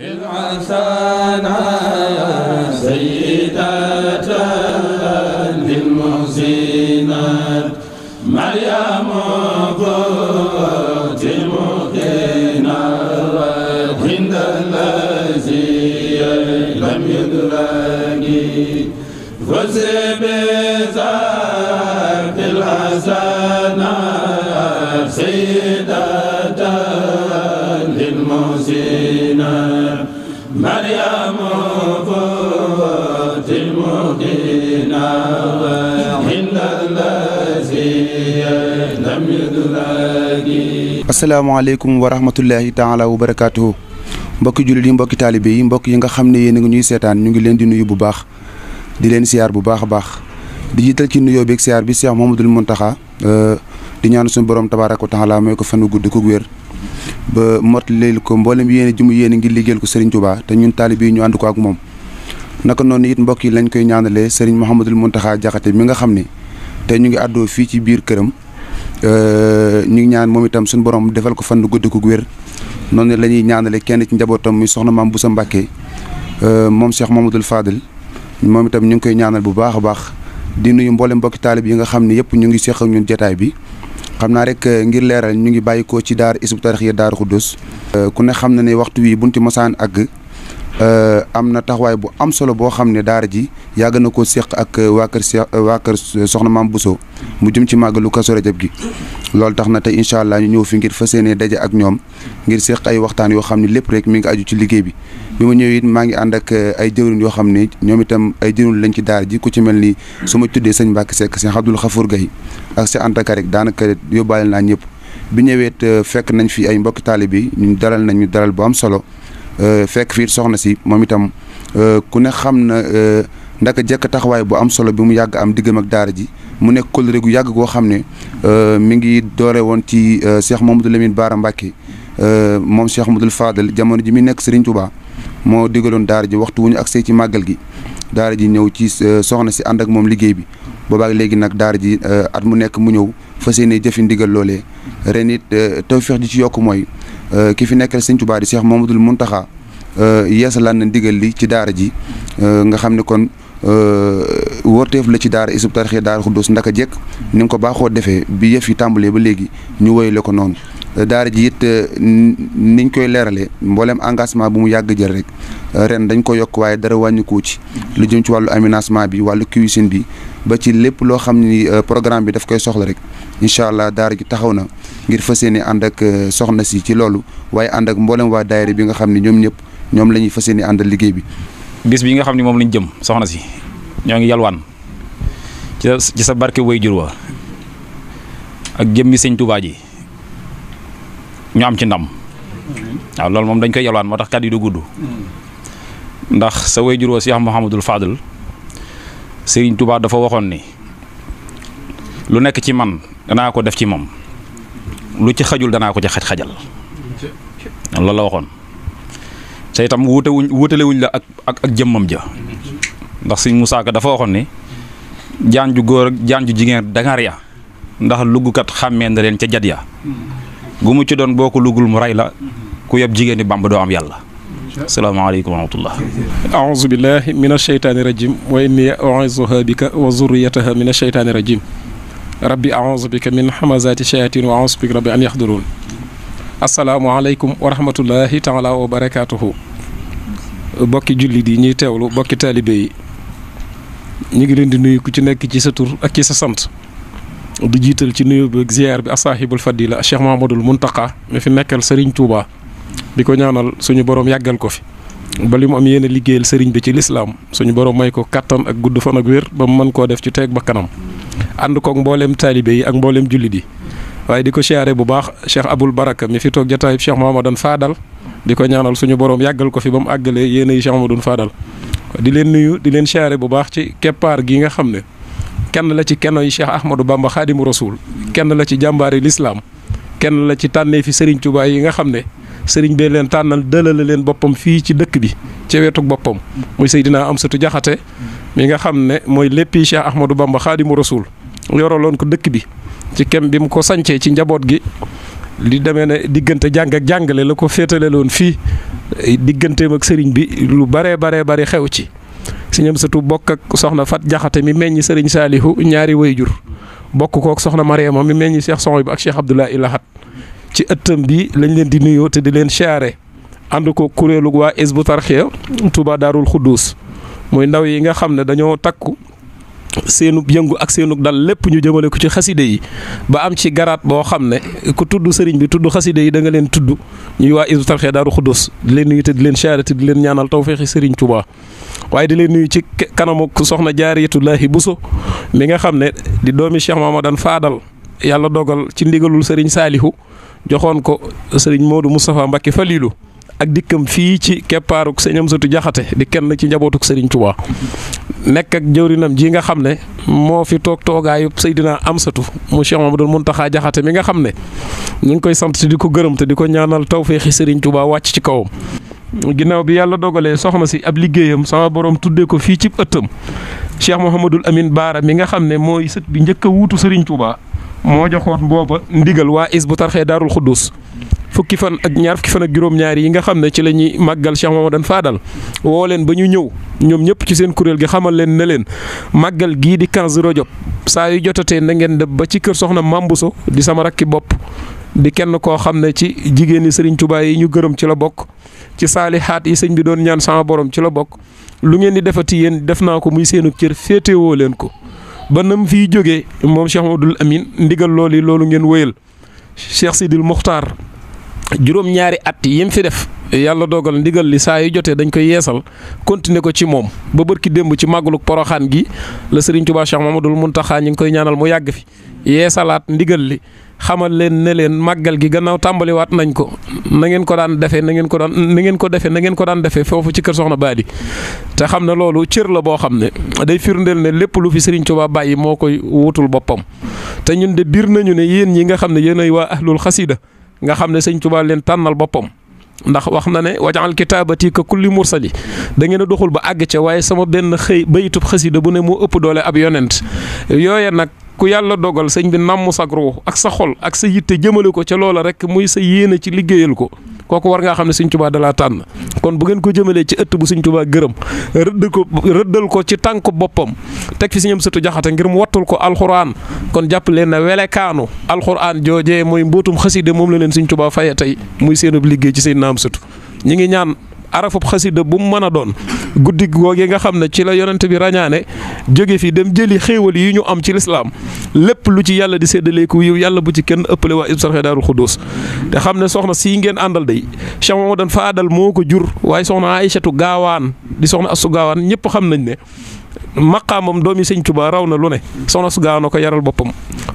العسانا سيدة للمحسنات مريم قوت المقينا عند الذي لم يدرك فسبزت يا سيدة asalaamaaleykum wa rahmatullahi taala wa barakaatuhu mbokki jullit yi mbokki taalibe yi mbokk yi nga xam ne yéen a ngi ñuy seetaan ñu ngi leen di nuyu bu baax di leen siyaar bu baax baax di jiital ci nuyoo beeg siyaar bi Cheikh Mouhamadoul Mountakha di ñaan suñu borom tabaaraka taala mooy ko fanu gudd ko wér ba mot leel ko mboolem yéen ji mu yéen ngi liggéeyal ko Serigne Touba te ñun taalibe yi ñu ànd ko ak moom naka noonu it mbokk yi lañ koy ñaanalee Serigne Mouhamadoul Mountakha Diakhaté mi nga xam te ñu ngi àddoo fii ci biir këram Euh, ñu ngi ñaan moom itam suñu borom defal ko fan guddi ko wér noonu la ñuy ñaanale kenn ci njabootam muy soxna maam Boussa Mbacke euh, moom Cheikh Mamadou Fadel moom itam ñu ngi koy ñaanal bu baax a baax di nuyu mboolem mbokki taalib yi nga xam ne yëpp ñu ngi seq ak ñun jotaay bi xam naa rek euh, ngir leeral ñu ngi bàyyi ko ci daar Hizbut Tarqiyyah ko Xuddus ku ne xam na ne waxtu wi bunti mosaan àgg Euh, am na taxawaay bu am solo boo xam ne daara ji yàgg na ko séq ak euh, waa kër Seex euh, waa kër soxna maam Bousso mu jëm ci màggalu Kazu Rajab gi loolu tax na te incha allah ñu ñëw fi ngir fa yéene daje ak ñoom ngir séq ay waxtaan yoo xam ne lépp rek mi ngi aju ci liggéey bi bi ma ñëwee it maa ngi ànd ak ay jëwriñ yoo xam ne ñoom itam ay jëwriñ lañ ci daara ji ku ci mel ni su ma tuddee sëñ Mbàkke Seck sëñ Abdul Xafour Gay ak sëñ Anta Ka rek daanaka yóbbaale naa ñëpp bi ñëweet fekk nañ fi ay mbokki taalibe yi ñu daral nañu daral bu am solo Euh, fekk fii soxna si moom itam euh, ku ne xam na euh, ndaka jekk taxawaay bu am solo bi mu yàgg am diggam ak daara ji mu nekk kóllëre gu yàgg goo xam ne mi ngi doore woon ci Cheikh Mamadou Lamine Baara Mbacke moom mu Mamadou Fadel jamono ji mu nekk Serigne Touba moo digaloon daara ji waxtu wu ñu agsee ci màggal gi daara ji ñëw ci soxna si ànd ak moom liggéey bi boobaak léegi nag daara ji at mu nekk mu ñëw fa yéene jëfi ndigal loolee ren it tawfeex ji ci yokk mooy Euh, ki fi nekkal sëñ Tuubaa di Cheikh Mamadul Muntaxa euh, yeesalaan na ndigal li ci daara ji euh, nga xam ne kon wóorteef la ci daara Hizbut Tarqiyyah daara Xuddoos ndaka jekk ni nga ko baaxoo defee bi yëf yi tàmbalee ba léegi ñu woyale ko noonu daara ji it niñ koy leeralee mboolem engagement bu mu yàgg jël rek ren dañ ko yokk waaye dara wàññikoo ci lu jëm ci wàllu aménagement bi wàllu cuisine bi ba ci lépp loo xam ni programme bi daf koy soxla rek incha allah daara gi taxaw na ngir fa yéene ànd ak euh, soxna si ci loolu waaye ànd ak mboolem waa daayira bi nga xam ne ñoom ñëpp ñoom la ñuy fas yéene àndal liggéey bi. bis bi nga xam ne moom lañu jëm soxna si ñoo ngi yalwaan ci sa barke sa jur waajur wa ak jëmmi sëñ Tuubaa ji ñoo am ci ndam waaw loolu moom dañ koy yalwaan moo tax kàddu yi du gudd ndax sa waajur wa Cheikh Mouhamadul Fadl sëriñ tubaa dafa waxoon ni lu nekk ci man. danaa ko def ci moom lu ci xajul danaa ko ci xaj xajal loolu la waxoon te itam wuute wuñ wuutale la ak ak ak jëmmam ja ndax Sëñ Musaa Ka dafa waxoon ni jaan ju góor ak jaan ju jigéen dangar ya ndax luggukat xàmmee na leen ca jat ya gu mu ci doon boo ko luggul mu rey la ku yeb jigéen ñi Bàmba doo am yàlla. asalaamaaleykum wa rahmatullah aouzu billahi min acheytaani rajim wa inni auizuha bika wa zurriyataha min acheytaani rajim rabbi aouzu bika min hamazati shayatin wa aouzu bika rabbi an yaxduruun asalaamualeykum wa rahmatullahi taala wa barakaatuhu bokki jullit yi ñuy teewlu bokki taalibe yi ñu ngi leen di nuyu ku ci nekk ci sa tur ak ci sa sant di jiital ci nuyu bi ziar bi asaahibul fadila Cheikh Mahamadul Muntaqa mi fi nekkal Serigne Touba di ko ñaanal suñu borom yàggal ko fi ba li mu am yéen a liggéeyal sëriñ bi ci lislaam suñu borom may ko kattan ak gudd fan ak wér ba mu mën koo def ci teeg ba kanam ànd koog mboolem taalibe yi ak mboolem jullit yi waaye di ko siyaare bu baax Cheikh Abul Baraka mi fi toog jataayub Cheikh Mouhamadoune Fadal di ko ñaanal suñu borom yàggal ko fi ba mu àggale yéen ay Cheikh Mouhamadoune Fadal di leen nuyu di leen siyaare bu baax ci keppaar gi nga xam ne kenn la ci keno yi Cheikh Ahmadou Bamba Xaadimu rasul kenn la ci jàmbaari lislaam kenn la ci tànnee fi Serigne Touba yi nga xam ne Serigne bee leen tànnal dëlale leen boppam fii ci dëkk bi ci wetuk boppam muy Seydina Amsatu Jaxate mi nga xam ne mooy léppi Cheikh Ahmadou Bamba Xaadimu Rasuul yoraloon ko dëkk bi ci kem bi mu ko sancee ci njaboot gi li demee na diggante jàng ak jàngale la ko féetale loon fii digganteem ak sëriñ bi lu baree baree bari xew ci sëñam satu bokk ak soxna Fat Jaxate mi meññ sëriñ Saalihu ñaari wayjur bokk kook soxna Mariama mi meññi Cheikh Soxna bi ak Cheikh Abdoulaye Lahat ci ëttam bi lañ leen di nuyoo te di leen siyaare ànd ko kuréelu waa Hizbut Tarqiyyah Touba Daarul Xuddus mooy ndaw yi nga xam ne dañoo takku seenu yëngu ak seenu dal lépp ñu jëmale ko ci xaside yi ba am ci garaat boo xam ne ku tudd sëriñ bi tudd xaside yi danga leen tudd ñuy waa Hizbut Tarqiyyah Daaru Xuddus di leen nuyu te di leen siyaarati di leen ñaanal tawféexi sëriñ Tuubaa waaye di leen nuyu ci kanamu soxna bu so mi nga xam ne di doomi ma Mamadan Faadal yàlla dogal ci ndigalul sëriñ Saalihu joxoon ko sëriñ Modou Moustapha fa Falilou ak dikkam fii ci keppaaruk sëñ Amsatu Jaxate di kenn ci njabootuk Sëriñ Tuubaa nekk ak jëwrinam ji nga xam ne moo fi toog toogaayu Seydina Amsatu mu Cheikh Mamadou taxaa Jaxate mi nga xam ne ñu koy sant di ko gërëm di ko ñaanal tawféexi Sëriñ Tuubaa wàcc ci kawam ginnaaw bi yàlla dogalee soxna si ab liggéeyam sama borom tuddee ko fii ci ëttam Cheikh Mouhamadul Amin Baara mi nga xam ne mooy sët bi njëkk a wuutu Serigne Touba moo joxoon booba ndigal waa is bu tarxee daarul xuddus fukki fan ak ñaar fukki fan ak juróom-ñaar yi nga xam ne ci la ñuy màggal Cheikh Mamadan Fadal woo leen ba ñu ñëw ñoom ñëpp ci seen kuréel gi xamal leen na leen màggal gii di 15 Rajab saa yu jotatee na ngeen dem ba ci kër soxna Mambuso di sama rakki bopp di kenn koo xam ne ci jigéen ñi Serigne Touba yi ñu gërëm ci la bokk ci saali xaat yi sëñ bi doon ñaan sama boroom ci la bokk lu ngeen di defati yéen def naa ko muy seenu cër féetewoo leen ko ba nam fiy jógee moom Cheikh Mamadou ndigal loolu yi loolu ngeen wëyal Cheikh Sidil Mokhtar juróom-ñaari at yim fi def yàlla dogal ndigal li saa yi jotee dañ koy yeesal continuer ko ci moom ba ki démb ci màggalu poroxaan gi la Serigne Touba Cheikh Mamadou Mountakha ñu ngi koy ñaanal mu yàgg fi yeesalaat ndigal li xamal leen ne leen màggal gi gannaaw tàmbaliwaat nañ ko na ngeen ko daan defee na ngeen ko daan na ngeen ko defee na ngeen ko daan defee foofu ci kër Soxna Badi te xam ne loolu cër la boo xam ne day firndeel ne lépp lu fi Serigne Touba bàyyi moo koy wutul boppam te ñun de biir nañu ne yéen ñi nga xam ne yéenay waa ahlul xasida nga xam ne sëñ Tuubaa leen tànnal boppam ndax wax na ne wajaal kitaabati ka kulli mursali da ngeen a doxul ba àgg ca waaye sama benn xëy bayitub xasida bu ne moo ëpp doole ab yonent yooye nag ku yàlla dogal sëñ bi nàmm sag ruux ak sa xol ak sa yitte jëmale ko ca loola rek muy sa yéene ci liggéeyal ko kooku war ngaa xam ne sëñ Tuubaa dalaa tànn kon bu ngeen ko jëmalee ci ëtt bu sëñ Tuubaa gërëm rëdd ko rëddal ko ci tànk boppam teg fi sëñam sëtu jaxate ngir mu wattul ko alxuraan kon jàpp leen na welekaanu alxuraan joojee mooy mbootum xaside moom la leen sëñ Tuubaa faye tey muy seenub liggéey ci seen naam sëtu ñi ngi ñaan arafub xasida bu mu mën a doon guddi googu nga xam ne ci la yonent bi ràññaane jóge fi dem jëli xéewal yi ñu am ci lislaam lépp lu ci yàlla di séddaleeku yiw yàlla bu ci kenn ëppale waa Hizbut-Tarqiyyah Daarul Xudoos xam ne soxna sii ngeen àndal day Cheikh Mamadou Fadal moo ko jur waaye soxna Aïchatu Gaawaan di soxna Assu Gaawaan ñëpp xam nañ ne maqaamam doomi sëñ Tuubaa raw na lu ne soxna Assu Gaawaan ko yaral boppam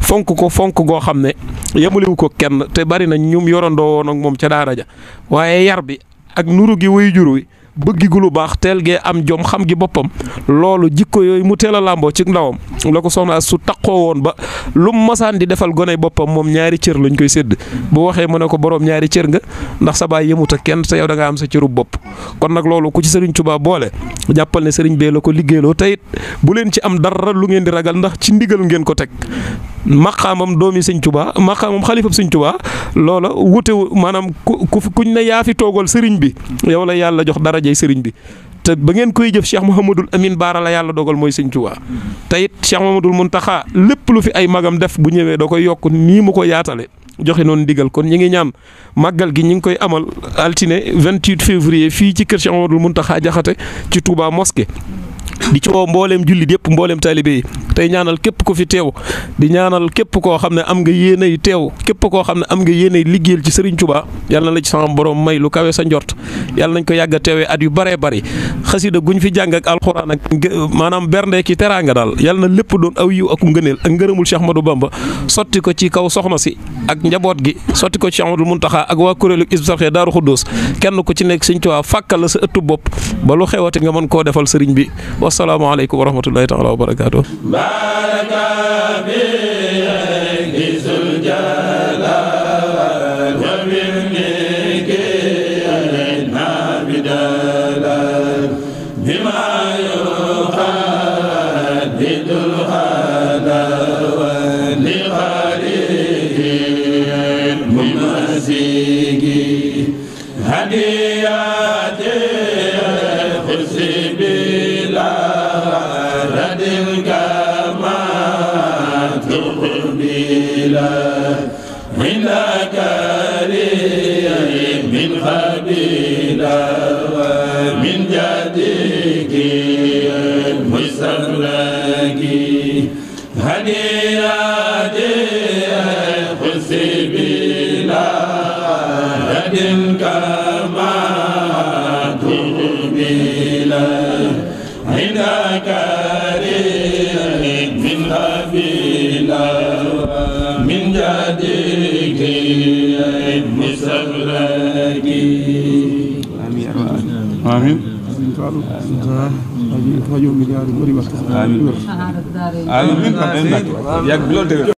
fonk ko fonk goo xam ne yemulewu ko kenn te bari na ñum yorandoo woon ak moom ca daara ja waaye yar bi ak nuru gi way jur wi bëggigu lu baax teel gee am jom xam gi boppam loolu jikko yooyu mu teel a làmboo ci ndawam la ko soxna su taqoo woon ba lu mu masaan di defal gone boppam moom ñaari cër lañ koy sédd bu waxee mu ne ko borom ñaari cër nga ndax sa baay yëmut ak kenn te yow da nga am sa cëru bopp kon nag loolu ku ci sëriñ Tuubaa boole jàppal ne sëriñ bee la ko liggéeyloo tey bu leen ci am dara lu ngeen di ragal ndax ci ndigal ngeen ko teg maqaamam doomi sëñ Tuubaa maqaamam xalifam sëñ loola wute maanaam ku kuñ ne yaa fi toogal sëriñ bi yow jox dara darajey sëriñ bi te ba ngeen koy jëf Cheikh Mouhamadul Amin Baara la yàlla dogal mooy sëñ Tuubaa te it Cheikh Mouhamadul Muntaxa lépp lu fi ay magam def bu ñëwee da koy yokk nii mu ko yaatale joxe noonu digal kon ñi ngi ñaan màggal gi ñu ngi koy amal altine 28 février fii ci kër Cheikh mun Muntaxa Jaxate ci Touba mosquée di ci woo mbooleem jullit yëpp mbooleem tay yi ñaanal kep ko fi tew di ñaanal kep ko xamne ne am nga yene teew tew kep ko ne am nga yéenay liggeel ci Serigne Touba yalla na la ci sama borom may lu kawé sa njort yalla nañ ko yàgg tewé at yu bare bare khassida guñ fi jang ak alcorane ak manam bernde ki teranga dal yalla na lépp doon aw yu ak ngeenel ak ngeeremul Cheikh madou Bamba sotti ko ci kaw soxna si ak njabot gi sotti ko ci Cheikh Ahmadou Muntaxa ak wa kurelu Hizbut Tarqiyyah Daaru kenn ko ci nek Serigne Touba fakal sa eutu bop ba lu xewati nga man ko defal serigne bi wassalaamu aleykum wa rahmatullahi taala wa barakaatu خبيلا ومن جدك المسلم لك هنيئا خذ بلا لدن كما تقبلا عندك ريح من خبيلا من جدك amin sëriñ Fallou amin fajoo mi a bari waxtu amin amin yàgg bi loolu